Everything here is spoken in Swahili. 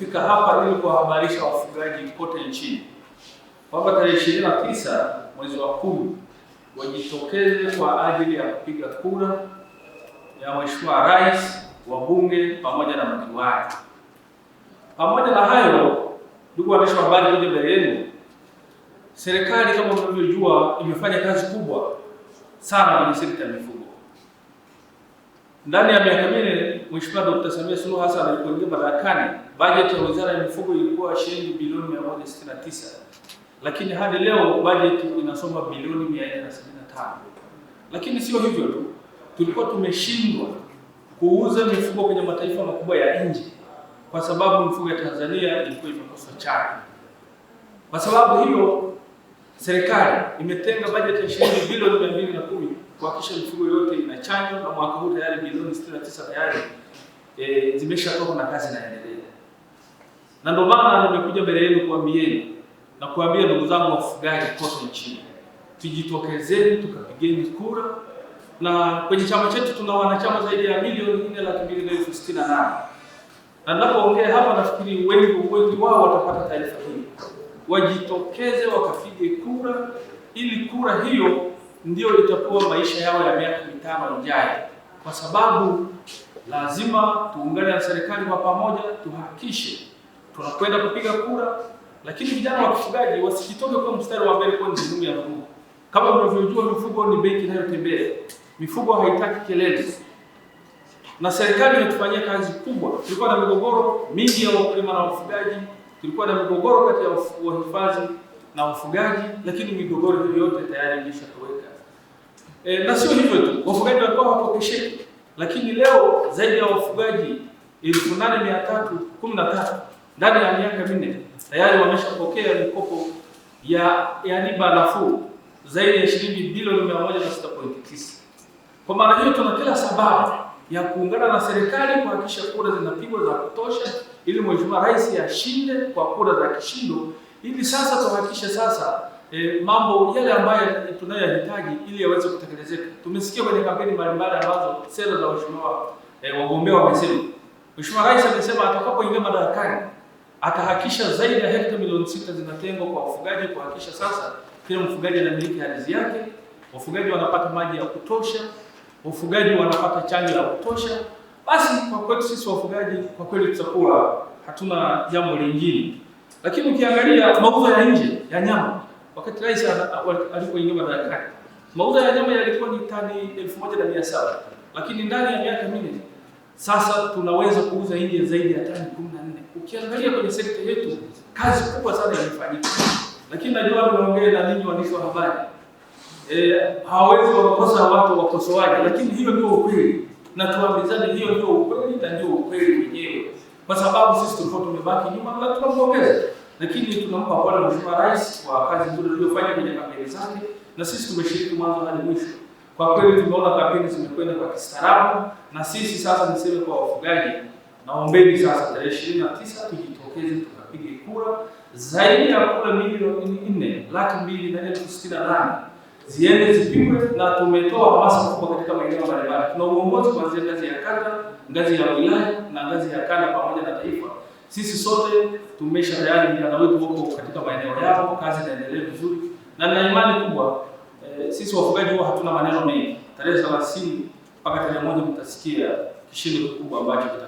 kufika hapa ili kuwahabarisha wafugaji kote nchini kwamba tarehe ishirini na tisa mwezi wa kumi wajitokeze kwa ajili ya kupiga kura ya Mheshimiwa Rais, wabunge pamoja na madiwani. Pamoja na hayo, ndugu waandishi wa habari, kuja mbele yenu, serikali kama mnavyojua imefanya kazi kubwa sana kwenye sekta ya mifugo ndani ya miaka minne Mheshimiwa Dr. Samia Suluhu Hassan alipoingia madarakani, bajeti ya Wizara ya Mifugo ilikuwa shilingi bilioni 169, lakini hadi leo bajeti inasoma bilioni 475. Lakini sio hivyo tu, tulikuwa tumeshindwa kuuza mifugo kwenye mataifa makubwa ya nje kwa sababu mifugo ya Tanzania ilikuwa imekosa chakula. Kwa sababu hiyo serikali imetenga bajeti ya shilingi bilioni 210 kuhakikisha mifugo yote chanjo na mwaka huu tayari milioni 69 tayari e, zimeshatoka na kazi inaendelea. Na ndio maana nimekuja mbele yenu kuambieni na kuambia ndugu zangu wafugaji kote nchini, tujitokezeni tukapigeni kura, na kwenye chama chetu tuna wanachama zaidi ya milioni nne laki mbili na elfu sitini na nane na ninapoongea hapa nafikiri wengi wengi wao watapata taarifa hii, wajitokeze wakapige kura ili kura hiyo ndio litakuwa maisha yao ya miaka mitano ijayo, kwa sababu lazima tuungane na serikali kwa pamoja, tuhakikishe tunakwenda kupiga kura. Lakini vijana wa kufugaji wasikitoke kwa mstari wa mbele kwenye elimu ya Mungu. Kama mnavyojua, mifugo ni benki inayotembea, mifugo haitaki kelele, na serikali imetufanyia kazi kubwa. Tulikuwa na migogoro mingi ya wakulima na wafugaji, tulikuwa na migogoro kati ya wahifadhi na wafugaji, lakini migogoro hiyo yote tayari ilishatoweka. E, na sio hivyo tu, wafugaji walikuwa hawatokesheki, lakini leo zaidi ya wafugaji elfu nane mia tatu kumi na tatu ndani ya miaka minne tayari wameshapokea mikopo ya yani riba nafuu zaidi ya shilingi bilioni mia moja na sita pointi tisa. Kwa maana hiyo tuna kila sababu ya kuungana na serikali kuhakikisha kura zinapigwa za kutosha, ili Mheshimiwa Rais ashinde kwa kura za kishindo, ili sasa tuhakikishe sasa e, mambo yale ambayo tunayohitaji ili yaweze kutekelezeka. Tumesikia kwenye kampeni mbalimbali ambazo sera za mheshimiwa e, wagombea wamesema. Mheshimiwa Rais amesema atakapoingia madarakani atahakisha zaidi ya hekta milioni sita zinatengwa kwa wafugaji kuhakikisha sasa kila mfugaji anamiliki ardhi yake, wafugaji wanapata maji ya kutosha, wafugaji wanapata chanjo ya kutosha. Basi kwa kweli sisi wafugaji kwa kweli tutakuwa hatuna jambo lingine, lakini ukiangalia mauzo ya nje ya nyama Wakati rais alipoingia madarakani, mauzo ya nyama yalikuwa ni tani elfu moja na mia saba lakini ndani ya miaka minne sasa tunaweza kuuza nje zaidi ya tani kumi na nne. Ukiangalia kwenye sekta yetu kazi kubwa sana imefanyika, lakini najua nimeongea na ninyi waandishi wa habari e, hawawezi wakakosa watu wakosoaji, lakini hiyo ndio ukweli na tuambizane, hiyo ndio ukweli na ndio ukweli wenyewe, kwa sababu sisi tulikuwa tumebaki nyuma na tunampongeza lakini tunampa bwana Mheshimiwa Rais kwa kazi nzuri aliyofanya kwenye kampeni zake, na sisi tumeshiriki mwanzo hadi mwisho. Kwa kweli tumeona kampeni zimekwenda kwa kistaarabu, na sisi sasa niseme kwa wafugaji, naombeni sasa tarehe ishirini na tisa tujitokeze tukapige kura. Zaidi ya kura milioni nne laki mbili na elfu sitini na nane ziende zipigwe, na tumetoa hamasa kubwa katika maeneo mbalimbali. Tuna uongozi kuanzia ngazi ya kata, ngazi ya wilaya na ngazi ya kanda pamoja na taifa. Sisi sote tumesha tayari, vijana wetu wako katika maeneo yao, kazi inaendelea vizuri, na nina imani kubwa e, sisi wafugaji huwa hatuna maneno mengi. Tarehe 30 mpaka tarehe moja mtasikia kishindo kikubwa ambacho